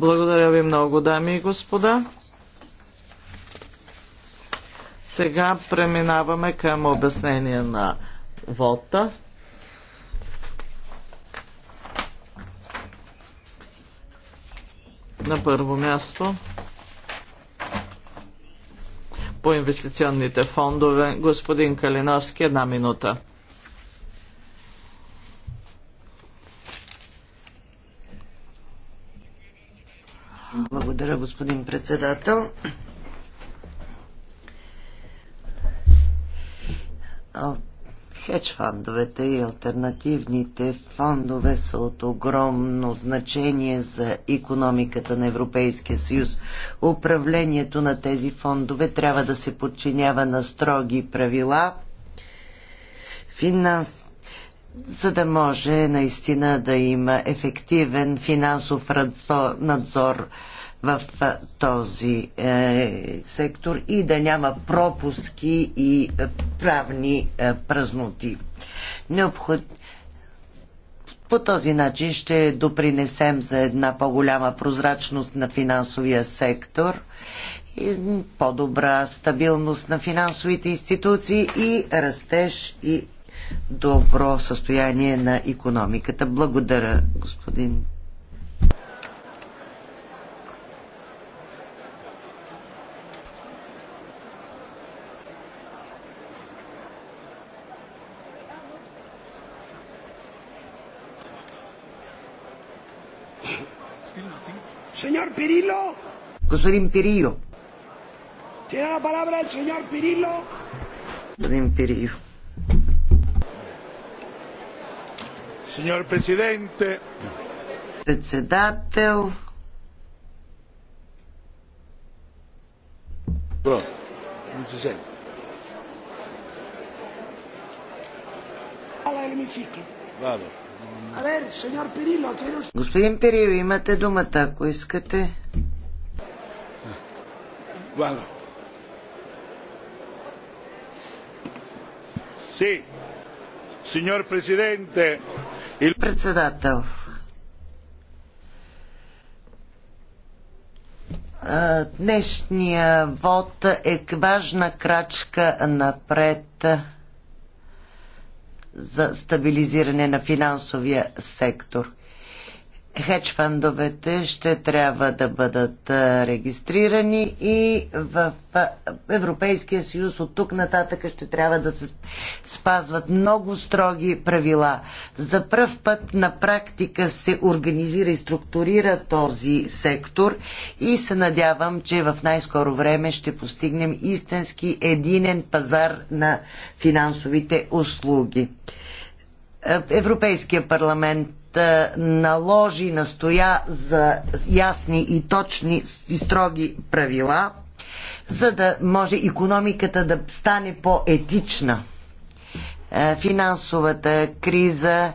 Благодаря ви много, дами и господа. Сега преминаваме към обяснение на вота. На първо място по инвестиционните фондове. Господин Калиновски, една минута. господин председател. Хедж фондовете и альтернативните фондове са от огромно значение за економиката на Европейския съюз. Управлението на тези фондове трябва да се подчинява на строги правила, финанс, за да може наистина да има ефективен финансов надзор в този е, сектор и да няма пропуски и е, правни е, празноти. Необход... По този начин ще допринесем за една по-голяма прозрачност на финансовия сектор и по-добра стабилност на финансовите институции и растеж и добро състояние на економиката. Благодаря, господин señor Pirillo. Господин Пирило. Tiene la palabra el señor Pirillo. Господин Пирило. Señor presidente. Председател. Pronto, non si sente. All'emiciclo. Vado. Господин Перил, имате думата, ако искате. Guarda. Sì, signor Председател. Днешния вод е важна крачка напред за стабилизиране на финансовия сектор хедж фандовете ще трябва да бъдат регистрирани и в Европейския съюз от тук нататък ще трябва да се спазват много строги правила. За пръв път на практика се организира и структурира този сектор и се надявам, че в най-скоро време ще постигнем истински единен пазар на финансовите услуги. Европейския парламент наложи, настоя за ясни и точни и строги правила, за да може економиката да стане по-етична. Е, финансовата криза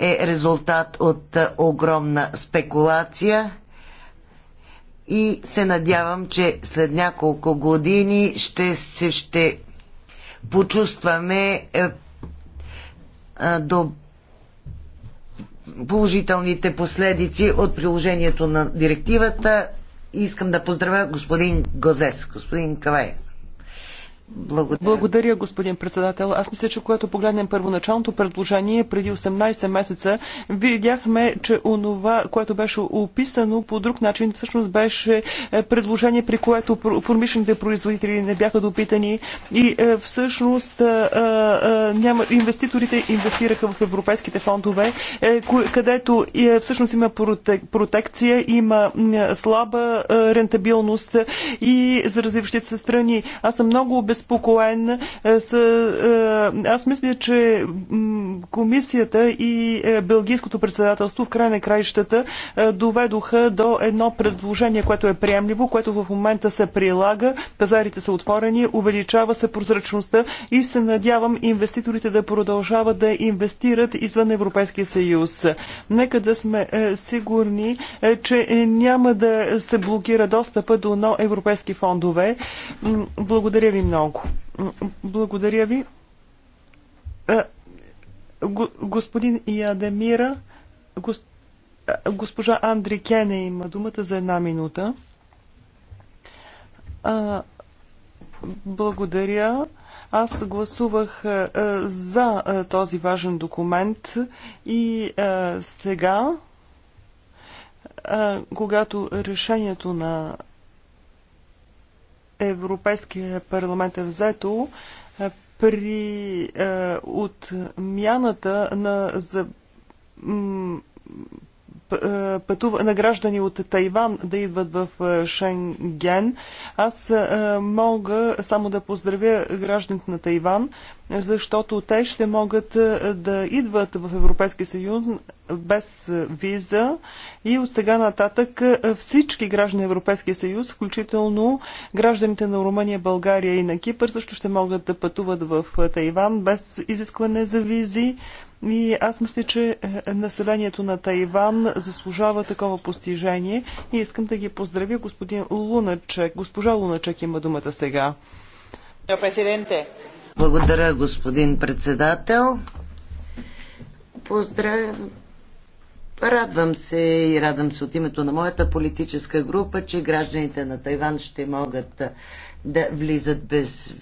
е резултат от е, огромна спекулация и се надявам, че след няколко години ще, се, ще почувстваме е, е, положителните последици от приложението на директивата. Искам да поздравя господин Гозес, господин Кавай. Благодаря. Благодаря, господин председател. Аз мисля, че когато погледнем първоначалното предложение преди 18 месеца, видяхме, че онова, което беше описано по друг начин, всъщност беше е, предложение, при което промишлените производители не бяха допитани и е, всъщност е, няма, инвеститорите инвестираха в европейските фондове, където всъщност има протекция, има слаба рентабилност и за развиващите се страни. Аз съм много обез обезпокоен. Е, е, аз мисля, че комисията и е, Белгийското председателство в край на краищата доведоха до едно предложение, което е приемливо, което в момента се прилага. Пазарите са отворени, увеличава се прозрачността и се надявам инвеститорите да продължават да инвестират извън Европейския съюз. Нека да сме сигурни, че няма да се блокира достъпа до европейски фондове. Благодаря ви много много. Благодаря ви. Господин Ядемира, госпожа Андри Кене има думата за една минута. Благодаря. Аз гласувах за този важен документ и сега, когато решението на Европейския парламент е взето е, при е, отмяната на за, е, пътува, на граждани от Тайван да идват в е, Шенген. Аз е, мога само да поздравя гражданите на Тайван, защото те ще могат да идват в Европейския съюз без виза и от сега нататък всички граждани на Европейския съюз, включително гражданите на Румъния, България и на Кипър също ще могат да пътуват в Тайван без изискване за визи. И аз мисля, че е, населението на Тайван заслужава такова постижение и искам да ги поздравя господин Луначек. Госпожа Луначек има думата сега. Благодаря, господин председател. Поздравя. Радвам се и радвам се от името на моята политическа група, че гражданите на Тайван ще могат е, да влизат без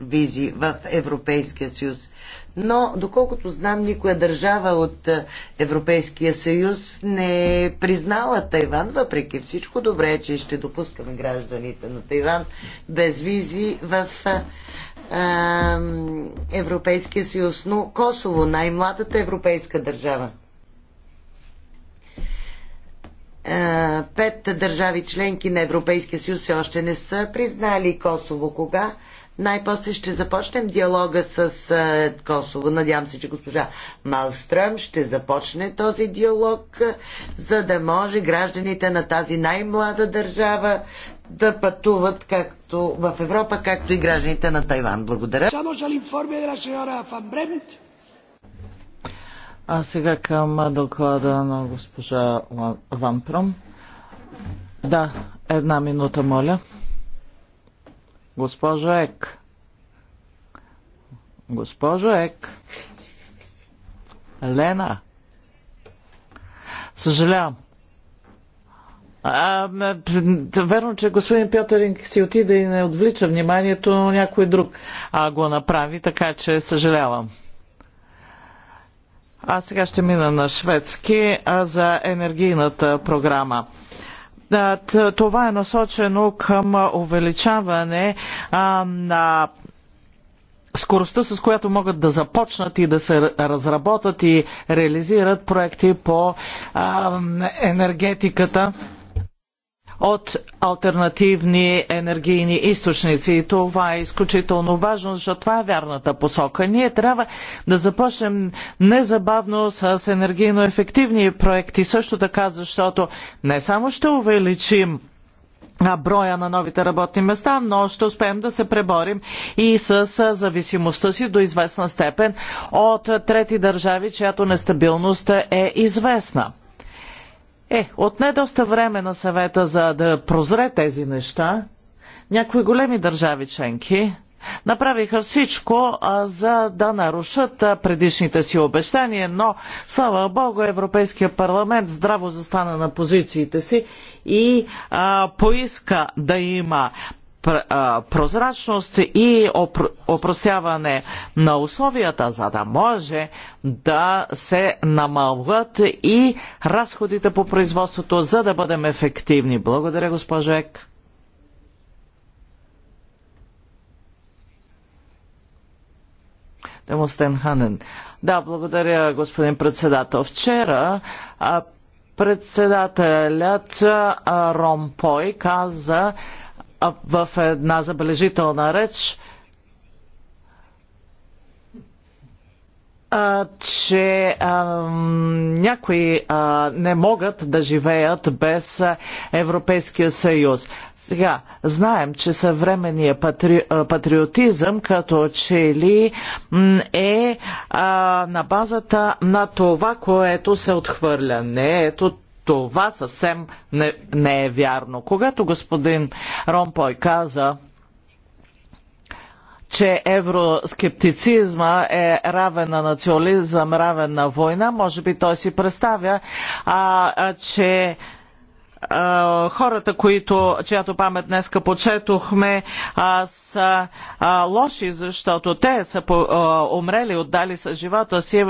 визи в Европейския съюз но доколкото знам, никоя държава от е, Европейския съюз не е признала Тайван. Въпреки всичко, добре е, че ще допускаме гражданите на Тайван без визи в а, е, Европейския съюз. Но Косово, най-младата европейска държава. пет държави членки на Европейския съюз все още не са признали Косово. Кога? най-после ще започнем диалога с Косово. Надявам се, че госпожа Малстръм ще започне този диалог, за да може гражданите на тази най-млада държава да пътуват както в Европа, както и гражданите на Тайван. Благодаря. А сега към доклада на госпожа Ван Пром. Да, една минута, моля. Госпожо Ек. Госпожо Ек. Лена. Съжалявам. А, верно, че господин Пьотеринг си отиде и не отвлича вниманието на някой друг, а го направи, така че съжалявам. А сега ще мина на шведски а за енергийната програма. Това е насочено към увеличаване на скоростта, с която могат да започнат и да се разработят и реализират проекти по енергетиката от альтернативни енергийни източници. И това е изключително важно, защото това е вярната посока. Ние трябва да започнем незабавно с енергийно ефективни проекти, също така, защото не само ще увеличим броя на новите работни места, но ще успеем да се преборим и с зависимостта си до известна степен от трети държави, чиято нестабилност е известна. Е, отне доста време на съвета за да прозре тези неща. Някои големи държави членки направиха всичко, а, за да нарушат а, предишните си обещания, но слава Богу, Европейския парламент здраво застана на позициите си и а, поиска да има прозрачност и опростяване на условията, за да може да се намалват и разходите по производството, за да бъдем ефективни. Благодаря, госпожо Ек. Демостен Ханен. Да, благодаря, господин председател. Вчера председателят Ромпой каза, в една забележителна реч, че а, някои а, не могат да живеят без Европейския съюз. Сега, знаем, че съвременният патри... патриотизъм като че ли е а, на базата на това, което се отхвърля. Не, ето това съвсем не, не е вярно. Когато господин Ромпой каза, че евроскептицизма е равен на национализъм, равен на война, може би той си представя, а, а, че хората, които, чиято памет днеска почетохме, са лоши, защото те са умрели, отдали са живота си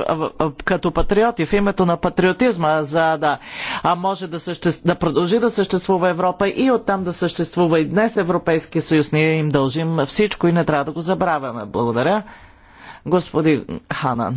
като патриоти в името на патриотизма, за да може да, съществ... да продължи да съществува Европа и оттам да съществува и днес Европейския съюз. Ние им дължим всичко и не трябва да го забравяме. Благодаря. Господин Ханан.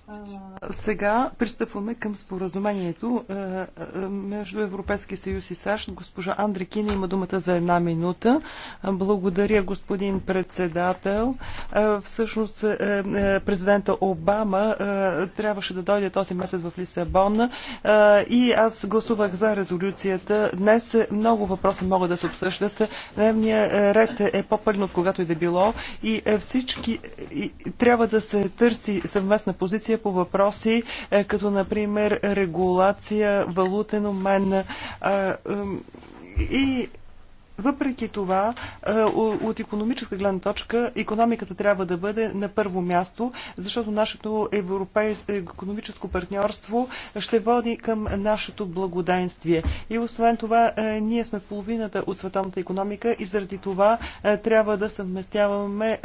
Сега пристъпваме към споразумението е, е, между Европейския съюз и САЩ. Госпожа Андрекина има думата за една минута. Благодаря, господин председател. Е, всъщност, президента Обама трябваше да дойде този месец в Лисабон и аз гласувах за резолюцията. Днес много въпроси могат да се обсъждат. Дневният ред е по-пълен от когато и да било и всички трябва да се търси съвместна позиция по въпроси, е, като например регулация, валутен обмен е, е, и въпреки това, е, от економическа гледна точка, економиката трябва да бъде на първо място, защото нашето европейско економическо партньорство ще води към нашето благоденствие. И освен това, е, ние сме половината от световната економика и заради това е, трябва да съвместяваме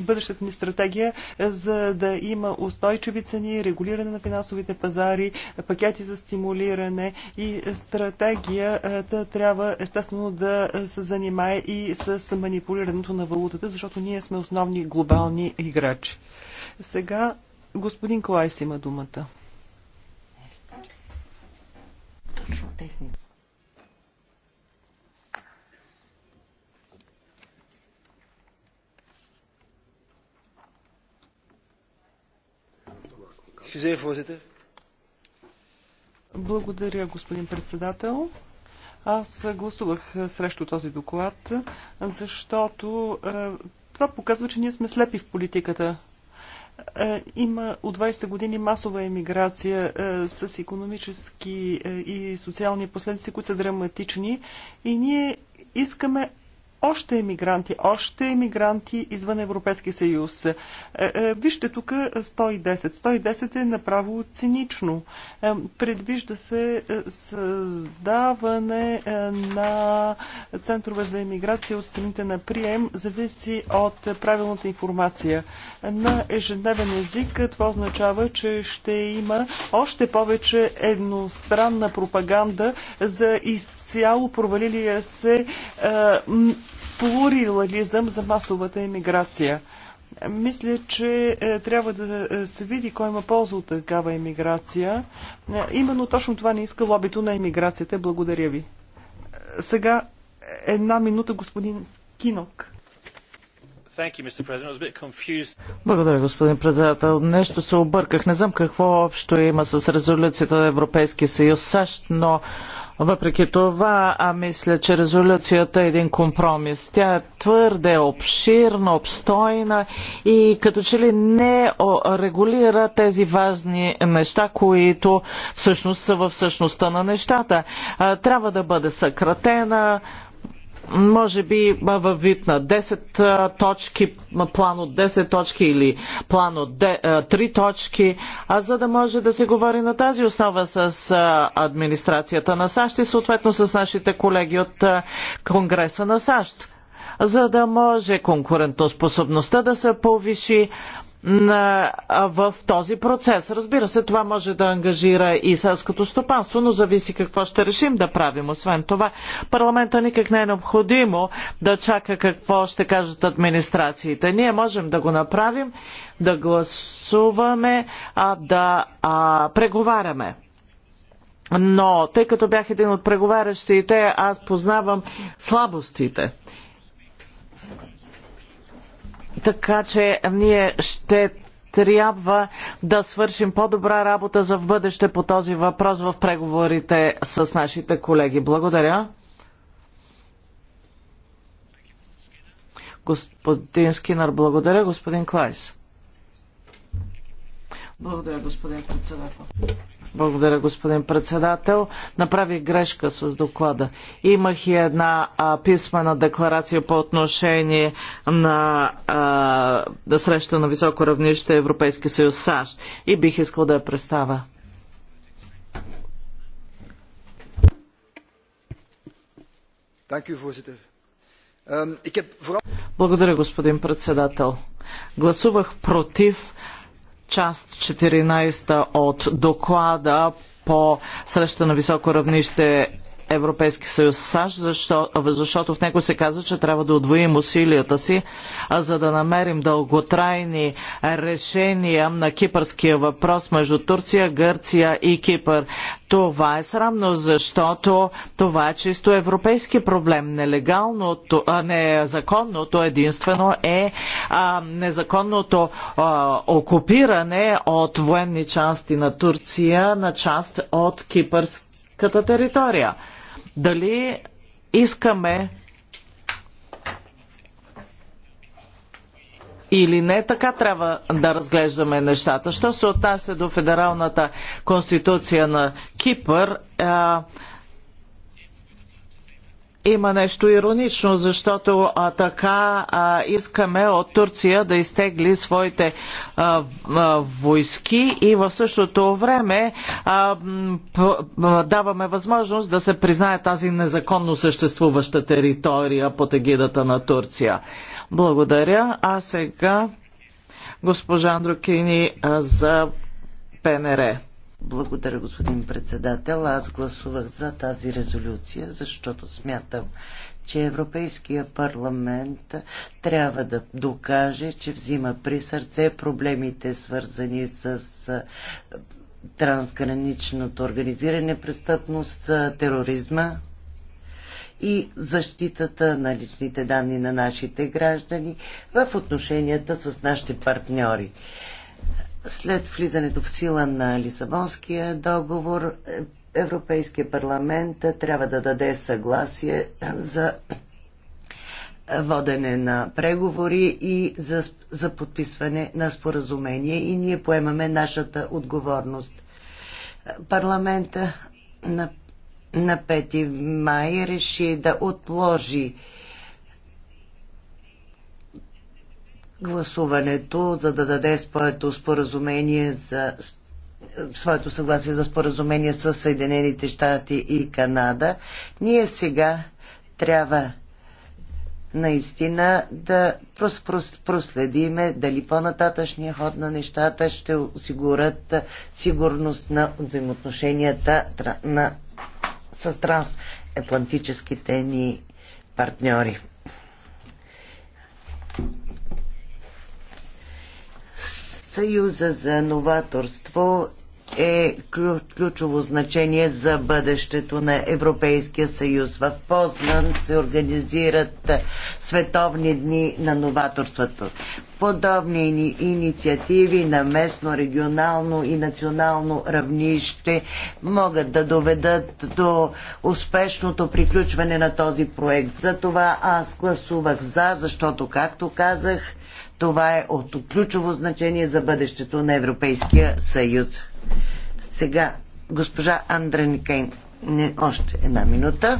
бъдещата ни стратегия, за да има устойчиви цени, регулиране на финансовите пазари, пакети за стимулиране и стратегията трябва естествено да да е, се занимае и с манипулирането на валутата, защото ние сме основни глобални играчи. Сега господин Клайс има думата. Точно техника. Благодаря, господин председател. Аз гласувах срещу този доклад, защото това показва, че ние сме слепи в политиката. Има от 20 години масова емиграция с економически и социални последици, които са драматични и ние искаме още емигранти, още емигранти извън Европейски съюз. Е, е, вижте тук 110. 110 е направо цинично. Е, предвижда се създаване на центрове за емиграция от страните на прием, зависи от правилната информация. На ежедневен език това означава, че ще има още повече едностранна пропаганда за изцеление изцяло провалилия се е, плурилализъм за масовата иммиграция. Мисля, че е, трябва да е, се види кой има полза от такава иммиграция. Е, именно точно това не иска лобито на иммиграцията. Благодаря ви. Е, сега една минута господин Кинок. Благодаря, господин председател. Нещо се обърках. Не знам какво общо има с резолюцията на Европейския съюз САЩ, но въпреки това, а мисля, че резолюцията е един компромис. Тя е твърде обширна, обстойна и като че ли не регулира тези важни неща, които всъщност са в същността на нещата. Трябва да бъде съкратена, може би във вид на 10 точки, план от 10 точки или план от 3 точки, а за да може да се говори на тази основа с администрацията на САЩ и съответно с нашите колеги от Конгреса на САЩ за да може конкурентоспособността да се повиши, в този процес. Разбира се, това може да ангажира и селското стопанство, но зависи какво ще решим да правим. Освен това, парламента никак не е необходимо да чака какво ще кажат администрациите. Ние можем да го направим, да гласуваме, а да а, преговаряме. Но тъй като бях един от преговарящите, аз познавам слабостите така че ние ще трябва да свършим по-добра работа за в бъдеще по този въпрос в преговорите с нашите колеги. Благодаря. Господин Скинър, благодаря. Господин Клайс. Благодаря, господин председател. Благодаря, господин председател. Направих грешка с доклада. Имах и една а, писмена декларация по отношение на а, да среща на високо равнище Европейски съюз САЩ и бих искал да я представя. Ehm, Благодаря, господин председател. Гласувах против част 14 от доклада по среща на високо равнище Европейски съюз САЩ, защо, защото в него се казва, че трябва да удвоим усилията си, а за да намерим дълготрайни решения на кипърския въпрос между Турция, Гърция и Кипър. Това е срамно, защото това е чисто европейски проблем. Нелегалното, а, незаконното единствено е а, незаконното а, окупиране от военни части на Турция на част от кипърската територия. Дали искаме или не, така трябва да разглеждаме нещата. Що се отнася до Федералната конституция на Кипър, има нещо иронично, защото а, така а, искаме от Турция да изтегли своите а, а, войски и в същото време а, п, даваме възможност да се признае тази незаконно съществуваща територия под егидата на Турция. Благодаря. А сега госпожа Андрокини а, за ПНР. Благодаря, господин председател. Аз гласувах за тази резолюция, защото смятам, че Европейския парламент трябва да докаже, че взима при сърце проблемите, свързани с трансграничното организиране престъпност, тероризма и защитата на личните данни на нашите граждани в отношенията с нашите партньори. След влизането в сила на Лисабонския договор, е, Европейския парламент трябва да даде съгласие за водене на преговори и за, за подписване на споразумение и ние поемаме нашата отговорност. Парламента на, на 5 май реши да отложи гласуването, за да даде своето споразумение за своето съгласие за споразумение с Съединените щати и Канада, ние сега трябва наистина да проследиме дали по-нататъчния ход на нещата ще осигурят сигурност на взаимоотношенията на, с трансатлантическите ни партньори. Съюза за новаторство е ключово значение за бъдещето на Европейския съюз. В Познан се организират световни дни на новаторството. Подобни инициативи на местно, регионално и национално равнище могат да доведат до успешното приключване на този проект. Затова аз гласувах за, защото, както казах, това е от ключово значение за бъдещето на Европейския съюз. Сега госпожа Андра Никейн, още една минута.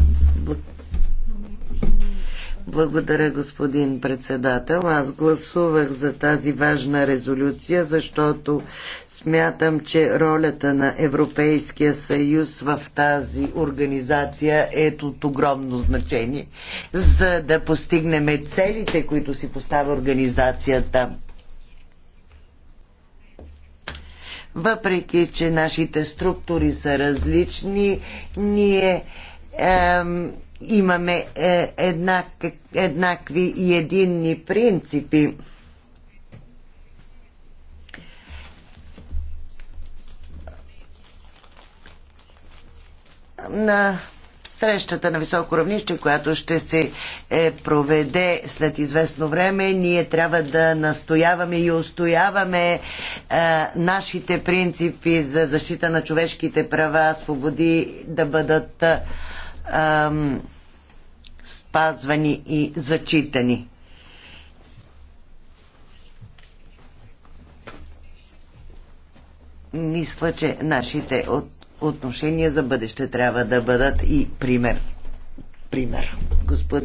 Благодаря, господин председател. Аз гласувах за тази важна резолюция, защото смятам, че ролята на Европейския съюз в тази организация е от огромно значение, за да постигнем целите, които си поставя организацията. Въпреки, че нашите структури са различни, ние. Ем, имаме е, еднак, еднакви и единни принципи. На срещата на високо равнище, която ще се е, проведе след известно време, ние трябва да настояваме и устояваме е, нашите принципи за защита на човешките права, свободи да бъдат е, ам, спазвани и зачитани. Мисля, че нашите от, отношения за бъдеще трябва да бъдат и пример. Пример. Господ...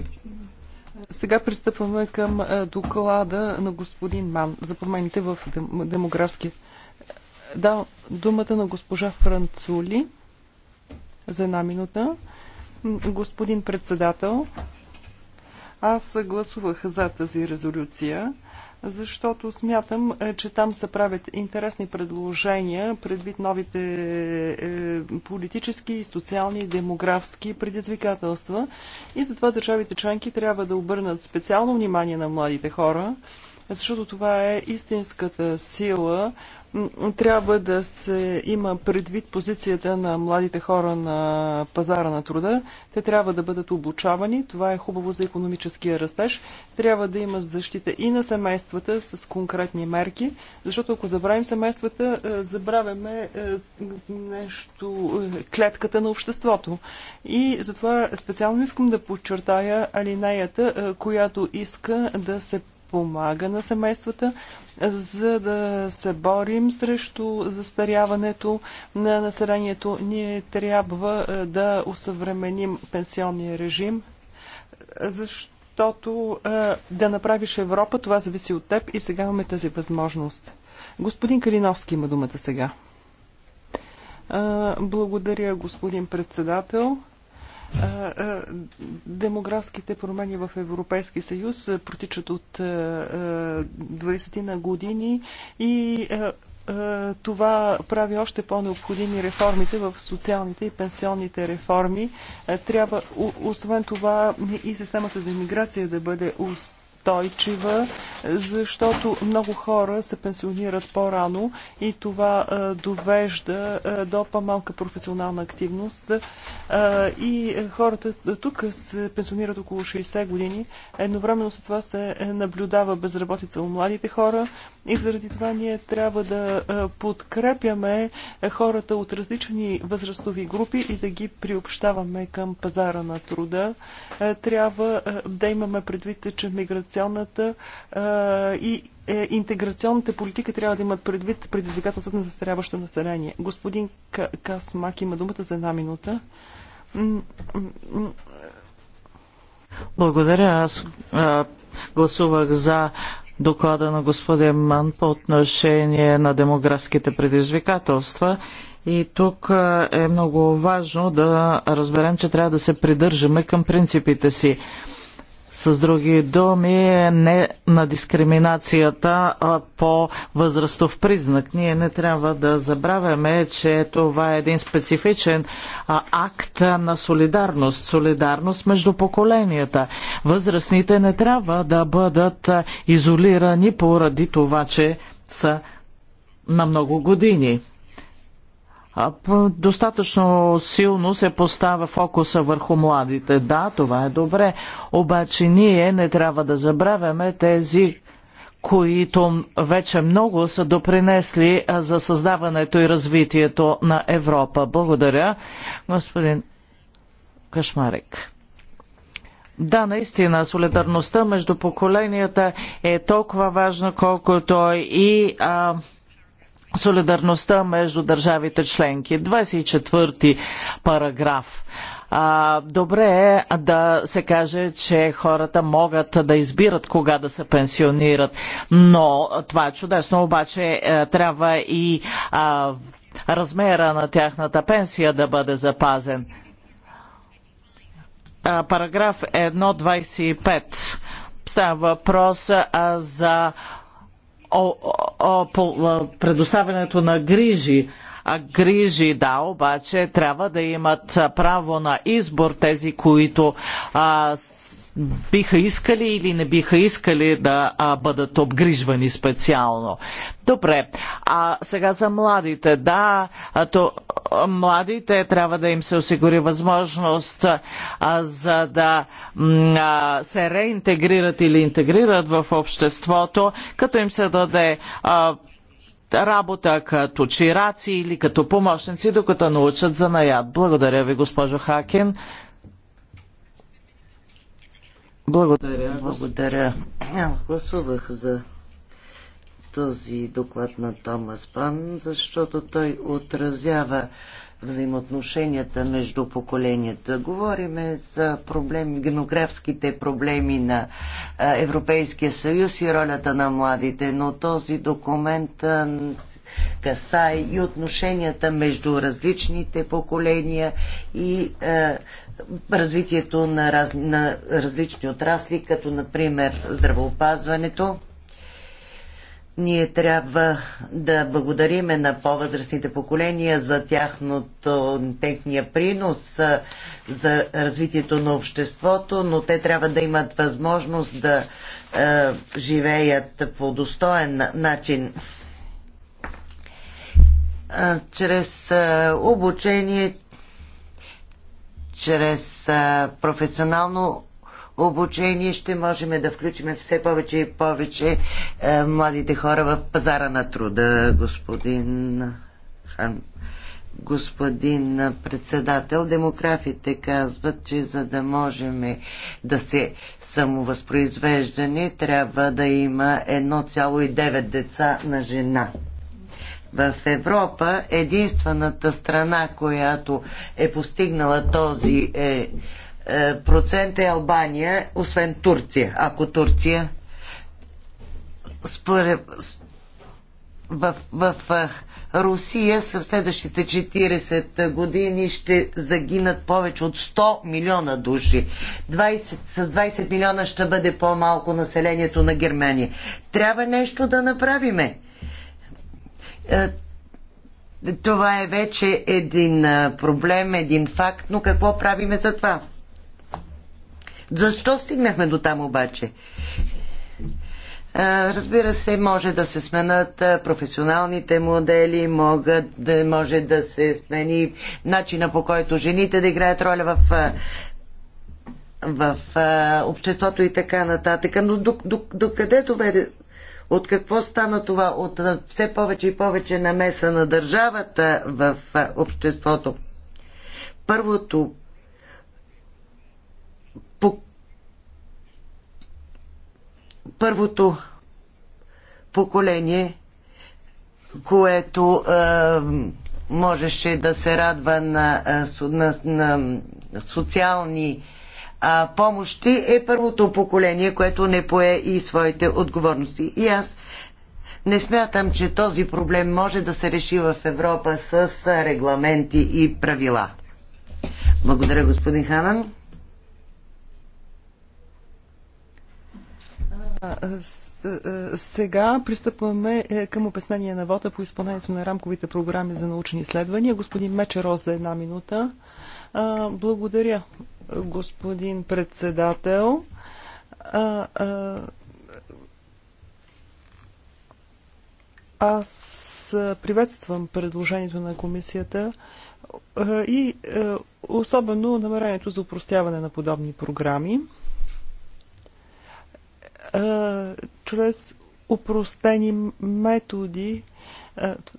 Сега пристъпваме към доклада на господин Ман за промените в демографски. Да, думата на госпожа Францули за една минута. Господин председател, аз гласувах за тази резолюция, защото смятам, е, че там се правят интересни предложения предвид новите е, политически, социални и демографски предизвикателства. И затова държавите членки трябва да обърнат специално внимание на младите хора, защото това е истинската сила трябва да се има предвид позицията на младите хора на пазара на труда. Те трябва да бъдат обучавани. Това е хубаво за економическия растеж. Трябва да имат защита и на семействата с конкретни мерки, защото ако забравим семействата, е, забравяме е, нещо, е, клетката на обществото. И затова специално искам да подчертая алинеята, която иска да се помага на семействата, за да се борим срещу застаряването на населението. Ние трябва е, да усъвременим пенсионния режим, защото е, да направиш Европа, това зависи от теб и сега имаме тази възможност. Господин Калиновски има думата сега. Е, благодаря, господин председател. Демографските промени в Европейски съюз протичат от 20 на години и това прави още по-необходими реформите в социалните и пенсионните реформи. Трябва, освен това, и системата за иммиграция да бъде устойчива устойчива, защото много хора се пенсионират по-рано и това довежда до по-малка професионална активност. И хората тук се пенсионират около 60 години. Едновременно с това се наблюдава безработица у младите хора, и заради това ние трябва да подкрепяме хората от различни възрастови групи и да ги приобщаваме към пазара на труда. Трябва да имаме предвид, че миграционната и е, интеграционната политика трябва да имат предвид предизвикателството на застаряващо население. Господин Касмак има думата за една минута. Благодаря. Аз а, гласувах за доклада на господин Ман по отношение на демографските предизвикателства. И тук е, е много важно да разберем, че трябва да се придържаме към принципите си. С други думи, не на дискриминацията а по възрастов признак. Ние не трябва да забравяме, че това е един специфичен акт на солидарност. Солидарност между поколенията. Възрастните не трябва да бъдат изолирани поради това, че са на много години достатъчно силно се поставя фокуса върху младите. Да, това е добре, обаче ние не трябва да забравяме тези, които вече много са допринесли за създаването и развитието на Европа. Благодаря, господин Кашмарек. Да, наистина, солидарността между поколенията е толкова важна, колкото и а, солидарността между държавите членки. 24 ти параграф. А, добре е да се каже, че хората могат да избират кога да се пенсионират, но това е чудесно, обаче е, трябва и а, размера на тяхната пенсия да бъде запазен. А, параграф 1.25. Става въпрос а, за о, о, предоставянето на грижи. А грижи, да, обаче трябва да имат право на избор тези, които а, биха искали или не биха искали да а, бъдат обгрижвани специално. Добре, а сега за младите. Да, а то, а, младите трябва да им се осигури възможност а, за да а, се реинтегрират или интегрират в обществото, като им се даде а, работа като чираци или като помощници, докато научат занаят. Благодаря ви, госпожо Хакен. Благодаря. Благодаря. Аз гласувах за този доклад на Томас Пан, защото той отразява взаимоотношенията между поколенията. Говориме за проблем, генографските проблеми на Европейския съюз и ролята на младите, но този документ касае и отношенията между различните поколения и е, развитието на, раз, на различни отрасли, като например здравеопазването. Ние трябва да благодариме на по-възрастните поколения за тяхното, техния принос за развитието на обществото, но те трябва да имат възможност да е, живеят по достоен начин е, чрез е, обучение, чрез а, професионално обучение ще можем да включим все повече и повече а, младите хора в пазара на труда, господин Хан. Господин председател, демографите казват, че за да можем да се самовъзпроизвеждане, трябва да има 1,9 деца на жена в Европа единствената страна, която е постигнала този е, е, процент е Албания, освен Турция. Ако Турция според, в, в, в Русия в следващите 40 години ще загинат повече от 100 милиона души. 20, с 20 милиона ще бъде по-малко населението на Германия. Трябва нещо да направиме. Е, това е вече един е, проблем, един факт, но какво правиме за това? Защо стигнахме до там обаче? Е, разбира се, може да се сменят професионалните модели, могат, може да се смени начина по който жените да играят роля в в в обществото и така нататък. Но до, до, до къде доведе от какво стана това? От все повече и повече намеса на държавата в обществото. Първото по, първото поколение, което е, можеше да се радва на, на, на социални а, помощи е първото поколение, което не пое и своите отговорности. И аз не смятам, че този проблем може да се реши в Европа с регламенти и правила. Благодаря, господин Ханан. Сега пристъпваме е, към обяснение на вода по изпълнението на рамковите програми за научни изследвания. Господин Мечеро за една минута. Благодаря господин председател. А, а, аз приветствам предложението на комисията и особено намерението за упростяване на подобни програми. Чрез упростени методи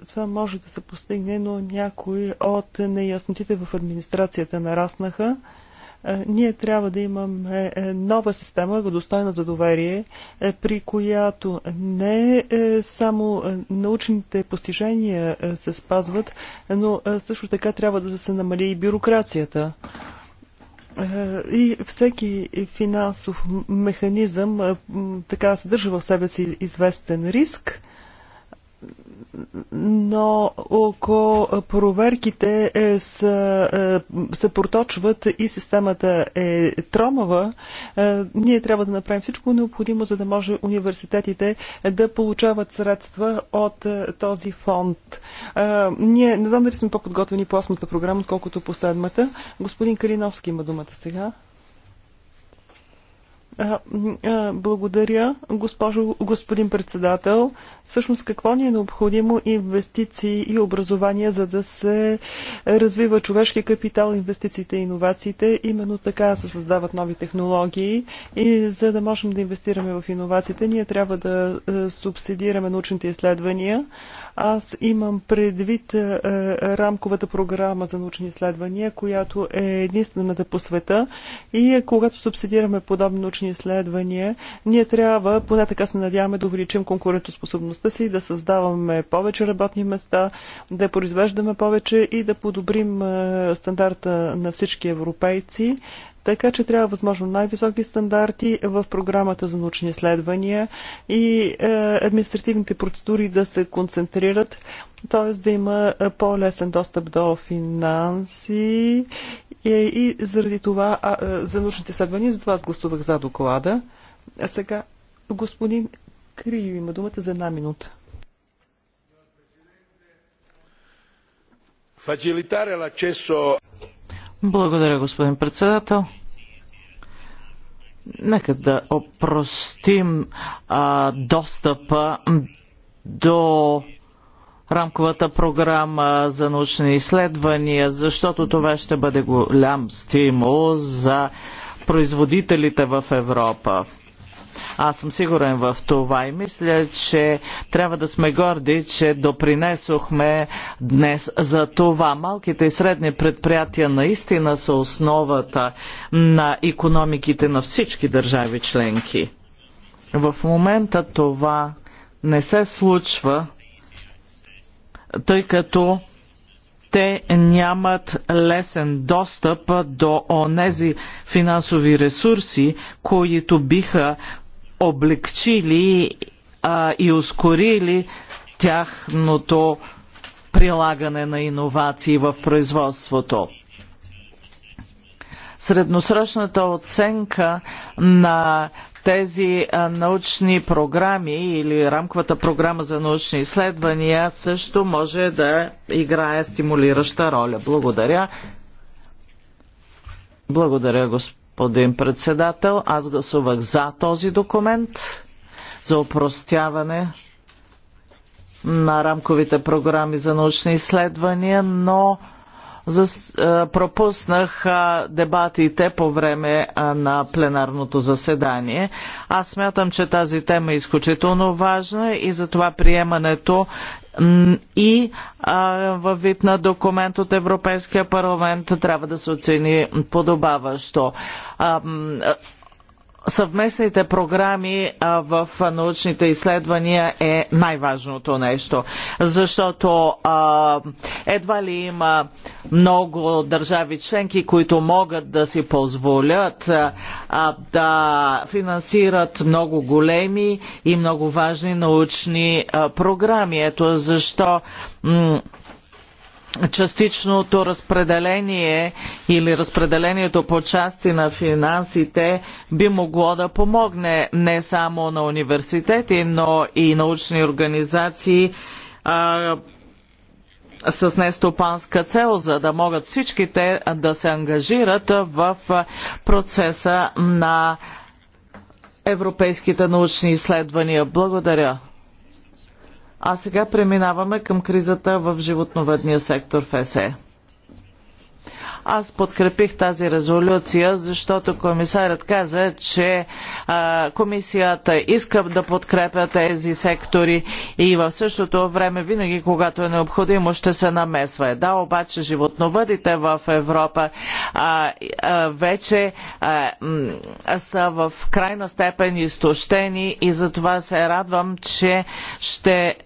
това може да се постигне, но някои от неяснотите в администрацията нараснаха. Е, ние трябва да имаме е, нова система, достойна за доверие, е, при която не само научните постижения се спазват, но също така трябва да се намали и бюрокрацията и всеки финансов механизъм така съдържа в себе си известен риск но ако проверките е, са, е, се проточват и системата е тромава, е, ние трябва да направим всичко необходимо, за да може университетите да получават средства от този фонд. Ние не знам дали сме по-подготвени по осмата програма, отколкото по седмата. Господин Калиновски има думата сега. Благодаря, госпожо, господин председател. Всъщност какво ни е необходимо? Инвестиции и образование, за да се развива човешки капитал, инвестициите и иновациите. Именно така се създават нови технологии и за да можем да инвестираме в иновациите, ние трябва да е, субсидираме научните изследвания. Аз имам предвид е, е, рамковата програма за научни изследвания, която е единствената по света. И е, когато субсидираме подобни научни изследвания, ние трябва, поне така се надяваме, да увеличим конкурентоспособността си, да създаваме повече работни места, да произвеждаме повече и да подобрим е, стандарта на всички европейци. Така че трябва възможно най-високи стандарти в програмата за научни изследвания и е, административните процедури да се концентрират, т.е. да има е, по-лесен достъп до финанси и, е, и заради това а, за научните изследвания, затова аз гласувах за доклада. А сега господин Криви, има думата за една минута. Facilitare l'accesso благодаря, господин председател. Нека да опростим а, достъпа до рамковата програма за научни изследвания, защото това ще бъде голям стимул за производителите в Европа. Аз съм сигурен в това и мисля, че трябва да сме горди, че допринесохме днес за това. Малките и средни предприятия наистина са основата на економиките на всички държави членки. В момента това не се случва, тъй като те нямат лесен достъп до онези финансови ресурси, които биха облегчили а, и ускорили тяхното прилагане на иновации в производството. Средносрочната оценка на тези научни програми или рамковата програма за научни изследвания също може да играе стимулираща роля. Благодаря. Благодаря, господин господин председател. Аз гласувах за този документ за упростяване на рамковите програми за научни изследвания, но е, пропуснах е, дебатите по време е, на пленарното заседание. Аз смятам, че тази тема е изключително важна и затова приемането и във вид на документ от Европейския парламент трябва да се оцени подобаващо съвместните програми в научните изследвания е най-важното нещо, защото едва ли има много държави членки, които могат да си позволят да финансират много големи и много важни научни програми. Ето защо частичното разпределение или разпределението по части на финансите би могло да помогне не само на университети, но и научни организации а, с нестопанска цел, за да могат всичките да се ангажират в процеса на европейските научни изследвания. Благодаря. А сега преминаваме към кризата в животновъдния сектор в ЕСЕ. Е. Аз подкрепих тази резолюция, защото комисарят каза, че а, комисията иска да подкрепя тези сектори и в същото време винаги, когато е необходимо, ще се намесва. Е, да, обаче животновъдите в Европа а, а, вече а, са в крайна степен изтощени и затова се радвам, че ще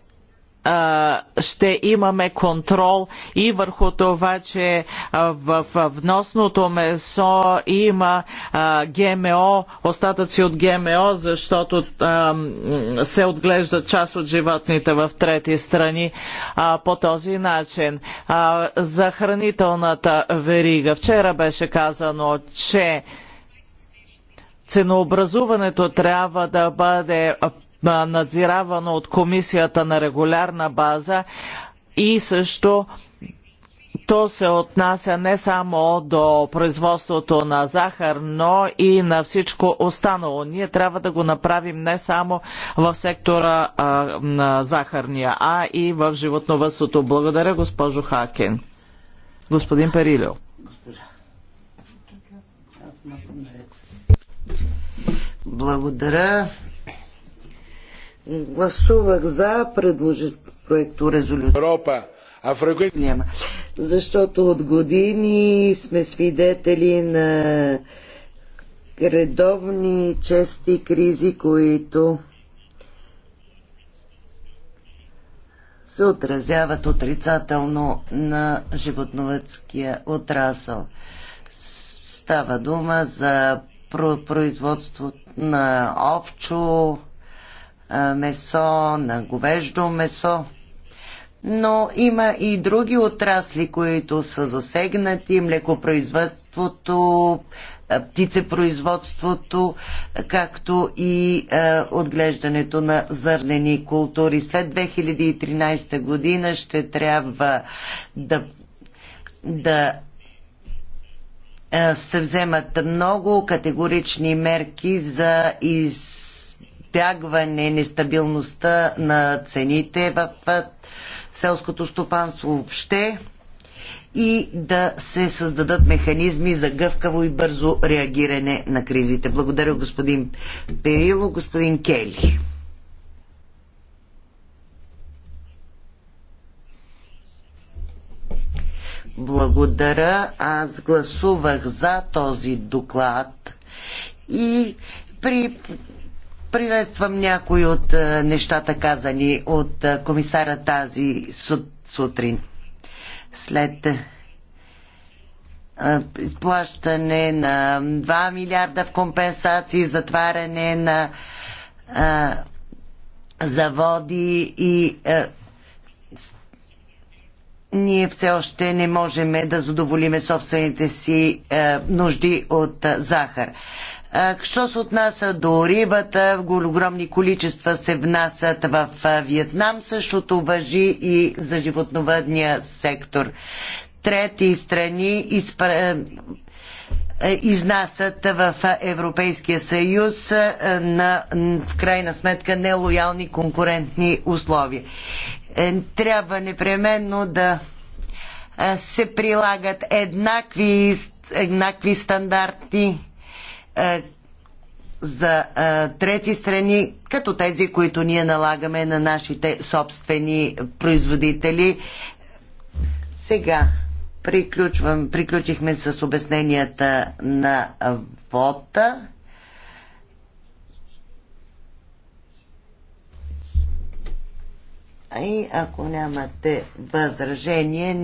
ще имаме контрол и върху това, че в вносното месо има ГМО, остатъци от ГМО, защото се отглеждат част от животните в трети страни по този начин. За хранителната верига вчера беше казано, че ценообразуването трябва да бъде надзиравано от комисията на регулярна база и също то се отнася не само до производството на захар, но и на всичко останало. Ние трябва да го направим не само в сектора а, на захарния, а и в животновъдството. Благодаря, госпожо Хакен. Господин Перилио. Благодаря. Гласувах за предложи... проекто резолюция. Европа, Африка... Няма. Защото от години сме свидетели на редовни чести кризи, които се отразяват отрицателно на животновътския отрасъл. Става дума за производство на овчо, месо, на говеждо месо. Но има и други отрасли, които са засегнати млекопроизводството, птицепроизводството, както и е, отглеждането на зърнени култури. След 2013 година ще трябва да, да е, се вземат много категорични мерки за из обтягване нестабилността на цените в селското стопанство въобще и да се създадат механизми за гъвкаво и бързо реагиране на кризите. Благодаря господин Перило, господин Кели. Благодаря. Аз гласувах за този доклад и при Приветствам някои от е, нещата казани от е, комисара тази сутрин. След е, изплащане на 2 милиарда в компенсации, затваряне на а, заводи и а, ние все още не можем да задоволиме собствените си а, нужди от а, захар. Що се отнася до рибата, огромни количества се внасят в Виетнам. Същото въжи и за животновъдния сектор. Трети страни изпра... изнасят в Европейския съюз на в крайна сметка нелоялни конкурентни условия. Е, трябва непременно да се прилагат еднакви, еднакви стандарти е, за а, е, трети страни, като тези, които ние налагаме на нашите собствени производители. Сега приключвам, приключихме с обясненията на вота. И ако нямате възражение,